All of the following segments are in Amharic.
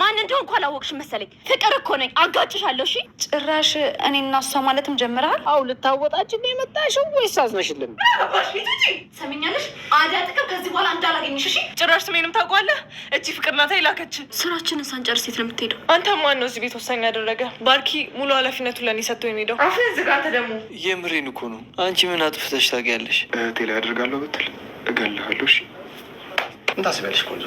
ማን እንደሆን እኮ አላወቅሽ መሰለኝ። ፍቅር እኮ ነኝ፣ አጋጭሻለሁ። እሺ ጭራሽ እኔ እና እሷ ማለትም ጀምረሃል። አው ልታወጣችን ነው የመጣሽው ወይስ አዝነሽልን? ሰሚኛለሽ፣ አዳ ጥቅም ከዚህ በኋላ እንዳላገኝሽ። እሺ ጭራሽ ስሜንም ታውቋለህ። እቺ ፍቅር ናት የላከችን። ስራችንን ሳንጨርስ የት ነው የምትሄደው? አንተ ማን ነው እዚህ ቤት ወሳኝ ያደረገ? ባርኪ ሙሉ ኃላፊነቱን ለእኔ ሰጥቶ የሚሄደው። አፍ ዝጋ። አንተ ደግሞ የምሬን እኮ ነው። አንቺ ምን አጥፍተሽ ታውቂያለሽ? ቴላ ያደርጋለሁ ብትል እገልሃለሁ። እሺ እንታስቢያለሽ ቆንጆ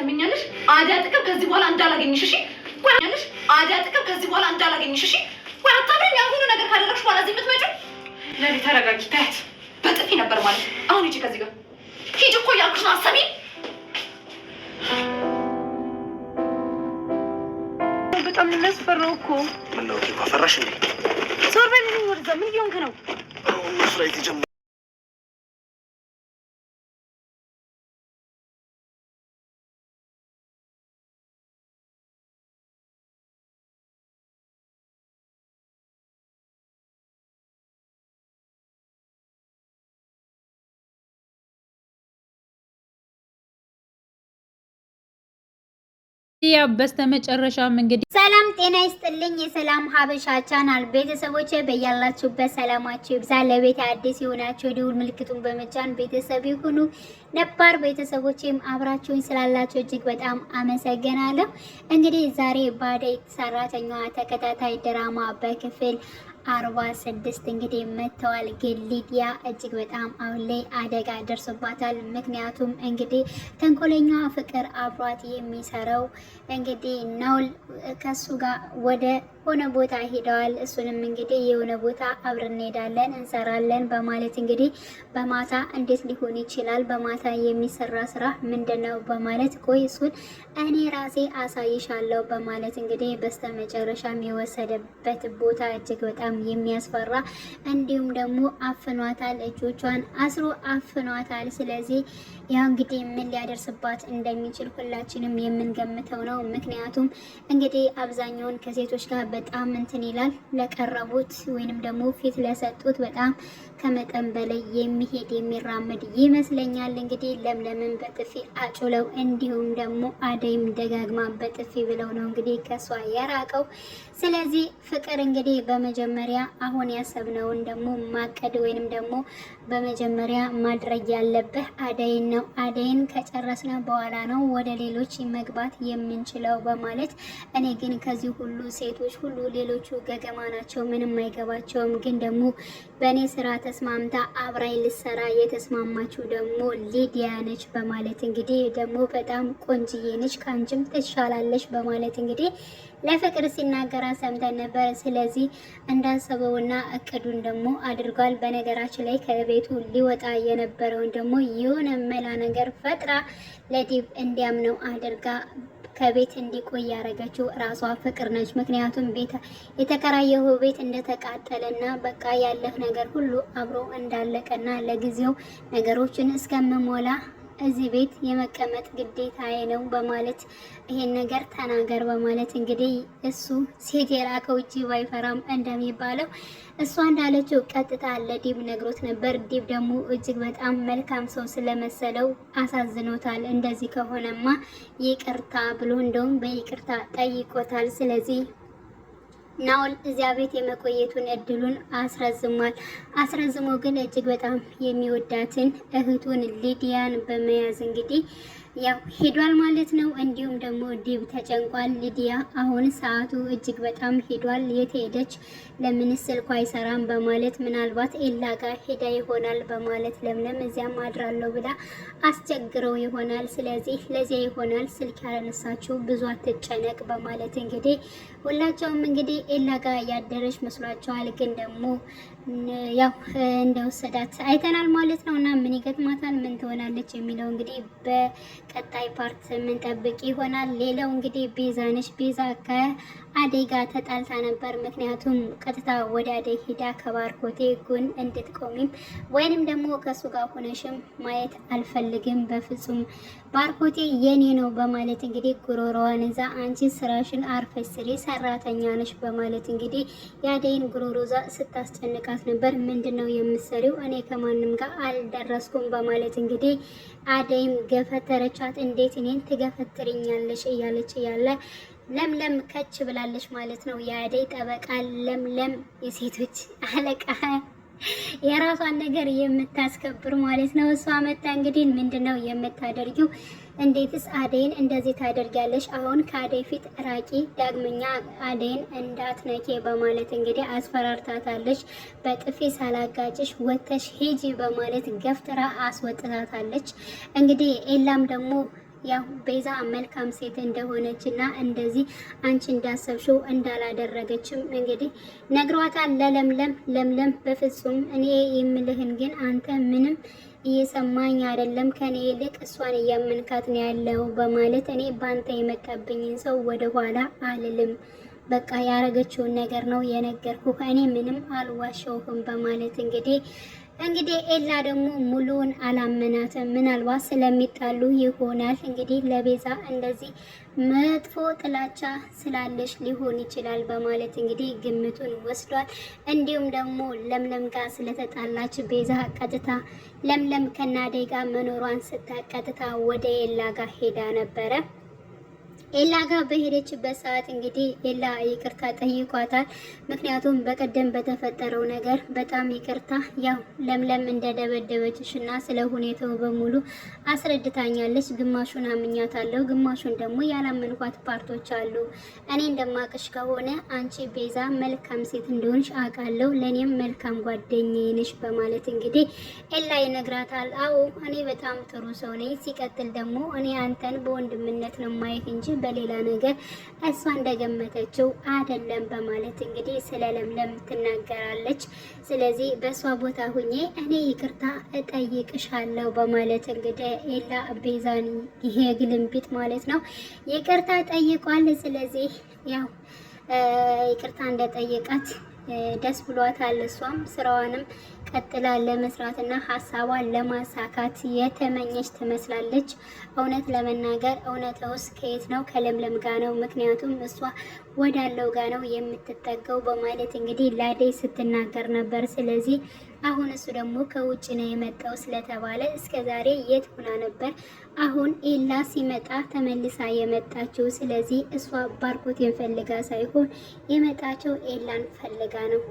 ሰሚኛለሽ? አዲያ ጥቅም ከዚህ በኋላ እንዳላገኝሽ እሺ? ቆያለሽ? አዲያ ጥቅም ከዚህ በኋላ እንዳላገኝሽ እሺ? ቆይ አታብረኝ። ያን ሁሉ ነገር ካደረግሽ በኋላ እዚህ የምትመጪው ለኔ። ተረጋጊ። ታያት በጥፊ ነበር ማለት አሁን ሂጂ፣ ከዚህ ጋር ሂጂ። እኮ እያልኩሽ ነው። አሰሚ በጣም የሚያስፈራው እኮ ምነው ፈራሽ? ዞር በል ወደዛ። ምን እየሆንክ ነው? ስራ የተጀመረ ያ በስተመጨረሻም እንግዲህ ሰላም ጤና ይስጥልኝ። የሰላም ሀበሻ ቻናል ቤተሰቦች በያላችሁበት ሰላማችሁ ይብዛ። ለቤት አዲስ የሆናችሁ ደውል ምልክቱን በመጫን ቤተሰብ ይሁኑ። ነባር ቤተሰቦችም አብራችሁኝ ስላላችሁ እጅግ በጣም አመሰግናለሁ። እንግዲህ ዛሬ በአደይ ሰራተኛዋ ተከታታይ ድራማ በክፍል አርባ ስድስት እንግዲህ መጥተዋል። ግን ሊዲያ እጅግ በጣም አሁን ላይ አደጋ ደርሶባታል። ምክንያቱም እንግዲህ ተንኮለኛ ፍቅር አብሯት የሚሰራው እንግዲህ ናውል ከሱ ጋር ወደ ሆነ ቦታ ሄደዋል። እሱንም እንግዲህ የሆነ ቦታ አብረን እንሄዳለን እንሰራለን በማለት እንግዲህ በማታ እንዴት ሊሆን ይችላል? በማታ የሚሰራ ስራ ምንድን ነው? በማለት ቆይ እሱን እኔ ራሴ አሳይሻለሁ በማለት እንግዲህ በስተመጨረሻም የወሰደበት ቦታ እጅግ በጣም የሚያስፈራ እንዲሁም ደግሞ አፍኗታል። እጆቿን አስሮ አፍኗታል። ስለዚህ ያው እንግዲህ ምን ሊያደርስባት እንደሚችል ሁላችንም የምንገምተው ነው። ምክንያቱም እንግዲህ አብዛኛውን ከሴቶች ጋር በጣም እንትን ይላል። ለቀረቡት ወይንም ደግሞ ፊት ለሰጡት በጣም ከመጠን በላይ የሚሄድ የሚራመድ ይመስለኛል። እንግዲህ ለምለምን በጥፊ አጩለው እንዲሁም ደግሞ አደይም ደጋግማ በጥፊ ብለው ነው እንግዲህ ከሷ የራቀው። ስለዚህ ፍቅር እንግዲህ በመጀመሪያ አሁን ያሰብነውን ደግሞ ማቀድ ወይንም ደግሞ በመጀመሪያ ማድረግ ያለብህ አደይን ነው። አደይን ከጨረስነ በኋላ ነው ወደ ሌሎች መግባት የምንችለው በማለት እኔ ግን ከዚህ ሁሉ ሴቶች ሁሉ ሌሎቹ ገገማ ናቸው፣ ምንም አይገባቸውም። ግን ደግሞ በእኔ ስራ ተስማምታ አብራይ ልሰራ የተስማማችው ደግሞ ሊዲያ ነች በማለት እንግዲህ ደግሞ በጣም ቆንጅዬ ነች፣ ከአንቺም ትሻላለች በማለት እንግዲህ ለፍቅር ሲናገራ ሰምተን ነበር። ስለዚህ እንዳሰበውና እቅዱን ደግሞ አድርጓል። በነገራችን ላይ ከቤቱ ሊወጣ የነበረውን ደግሞ የሆነ መላ ነገር ፈጥራ ለዲብ እንዲያምነው አድርጋ ከቤት እንዲቆይ ያደረገችው ራሷ ፍቅር ነች። ምክንያቱም ቤት የተከራየው ቤት እንደተቃጠለና በቃ ያለህ ነገር ሁሉ አብሮ እንዳለቀና ለጊዜው ነገሮችን እስከምሞላ እዚህ ቤት የመቀመጥ ግዴታዬ ነው በማለት ይሄን ነገር ተናገር በማለት እንግዲህ እሱ ሴት የላከው እጅ ባይፈራም እንደሚባለው እሷ እንዳለችው ቀጥታ ለዲብ ነግሮት ነበር። ዲብ ደግሞ እጅግ በጣም መልካም ሰው ስለመሰለው አሳዝኖታል። እንደዚህ ከሆነማ ይቅርታ ብሎ እንደውም በይቅርታ ጠይቆታል። ስለዚህ ናውል እዚያ ቤት የመቆየቱን እድሉን አስረዝሟል። አስረዝሞ ግን እጅግ በጣም የሚወዳትን እህቱን ሊዲያን በመያዝ እንግዲህ ያው ሄዷል ማለት ነው። እንዲሁም ደግሞ ዲብ ተጨንቋል። ሊዲያ አሁን ሰዓቱ እጅግ በጣም ሄዷል። የት ሄደች? ለምንስ ስልኳ አይሰራም? በማለት ምናልባት ኤላ ጋር ሄዳ ይሆናል በማለት ለምለም እዚያም አድራለሁ ብላ አስቸግረው ይሆናል። ስለዚህ ለዚያ ይሆናል ስልክ ያለነሳችው ብዙ አትጨነቅ በማለት እንግዲህ ሁላቸውም እንግዲህ ኤላ ጋር ያደረች መስሏቸዋል። ግን ደግሞ ያው እንደወሰዳት አይተናል ማለት ነው እና ምን ይገጥማታል ምን ትሆናለች የሚለው እንግዲህ በ ቀጣይ ፓርት የምንጠብቅ ይሆናል። ሌላው እንግዲህ ቤዛ ነች። ቤዛ ከአደይ ጋር ተጣልታ ነበር። ምክንያቱም ቀጥታ ወደ አደይ ሂዳ ከባርኮቴ ጎን እንድትቆሚም ወይንም ደግሞ ከእሱ ጋር ሆነሽም ማየት አልፈልግም በፍጹም ባርኮቴ የኔ ነው በማለት እንግዲህ ጉሮሮዋን እዛ አንቺ ስራሽን አርፈሽ ስሪ ሰራተኛ ነሽ በማለት እንግዲህ የአደይን ጉሮሮ ዛ ስታስጨንቃት ነበር። ምንድን ነው የምትሰሪው? እኔ ከማንም ጋር አልደረስኩም በማለት እንግዲህ አደይም ገፈተረቻት። እንዴት እኔን ትገፈትርኛለሽ? እያለች እያለ ለምለም ከች ብላለች ማለት ነው። የአደይ ጠበቃ ለምለም የሴቶች አለቃ የራሷን ነገር የምታስከብር ማለት ነው። እሷ መታ እንግዲህ ምንድን ነው የምታደርጊው? እንዴትስ አደይን እንደዚህ ታደርጊያለሽ? አሁን ከአደይ ፊት ራቂ፣ ዳግመኛ አደይን እንዳትነኬ በማለት እንግዲህ አስፈራርታታለች። በጥፊ ሳላጋጭሽ ወተሽ ሂጂ በማለት ገፍትራ አስወጥታታለች። እንግዲህ ኤላም ደግሞ ያው ቤዛ መልካም ሴት እንደሆነች እና እንደዚህ አንቺ እንዳሰብሽው እንዳላደረገችም እንግዲህ ነግሯታል። ለለምለም ለምለም በፍጹም እኔ የምልህን ግን አንተ ምንም እየሰማኝ አይደለም፣ ከኔ ይልቅ እሷን እያመንካት ነው ያለው በማለት እኔ በአንተ የመጣብኝን ሰው ወደኋላ አልልም በቃ ያረገችውን ነገር ነው የነገርኩ እኔ ምንም አልዋሸውህም በማለት እንግዲህ እንግዲህ ኤላ ደግሞ ሙሉውን አላመናትም። ምናልባት ስለሚጣሉ ይሆናል እንግዲህ ለቤዛ እንደዚህ መጥፎ ጥላቻ ስላለሽ ሊሆን ይችላል በማለት እንግዲህ ግምቱን ወስዷል። እንዲሁም ደግሞ ለምለም ጋር ስለተጣላች ቤዛ ቀጥታ ለምለም ከናደጋ መኖሯን ስታቀጥታ ወደ ኤላ ጋር ሄዳ ነበረ። ኤላ ጋር በሄደችበት ሰዓት እንግዲህ ኤላ ይቅርታ ጠይቋታል። ምክንያቱም በቀደም በተፈጠረው ነገር በጣም ይቅርታ ያው ለምለም እንደደበደበችሽ እና ስለ ሁኔታው በሙሉ አስረድታኛለች። ግማሹን አምኛታለሁ፣ ግማሹን ደግሞ ያላመንኳት ፓርቶች አሉ። እኔ እንደማቅሽ ከሆነ አንቺ ቤዛ መልካም ሴት እንደሆንሽ አውቃለሁ፣ ለእኔም መልካም ጓደኛዬ ነሽ በማለት እንግዲህ ኤላ ይነግራታል። አዎ እኔ በጣም ጥሩ ሰው ነኝ። ሲቀጥል ደግሞ እኔ አንተን በወንድምነት ነው ማየት እንጂ በሌላ ነገር እሷ እንደገመተችው አይደለም በማለት እንግዲህ ስለ ለምለም ትናገራለች። ስለዚህ በእሷ ቦታ ሁኜ እኔ ይቅርታ እጠይቅሻለሁ በማለት እንግዲህ ኤላ ቤዛን ይሄ ግልምቢጥ ማለት ነው ይቅርታ ጠይቋል። ስለዚህ ያው ይቅርታ እንደጠየቃት ደስ ብሏታል። እሷም ስራዋንም ቀጥላ ለመስራትና ሀሳቧን ለማሳካት የተመኘች ትመስላለች። እውነት ለመናገር እውነት ውስጥ ከየት ነው? ከለምለም ጋ ነው። ምክንያቱም እሷ ወዳለው ጋ ነው የምትጠጋው በማለት እንግዲህ ላደይ ስትናገር ነበር። ስለዚህ አሁን እሱ ደግሞ ከውጭ ነው የመጣው ስለተባለ እስከ ዛሬ የት ሆና ነበር? አሁን ኤላ ሲመጣ ተመልሳ የመጣችው። ስለዚህ እሷ ባርኮቴን ፈልጋ ሳይሆን የመጣቸው ኤላን ፈልጋ ነው።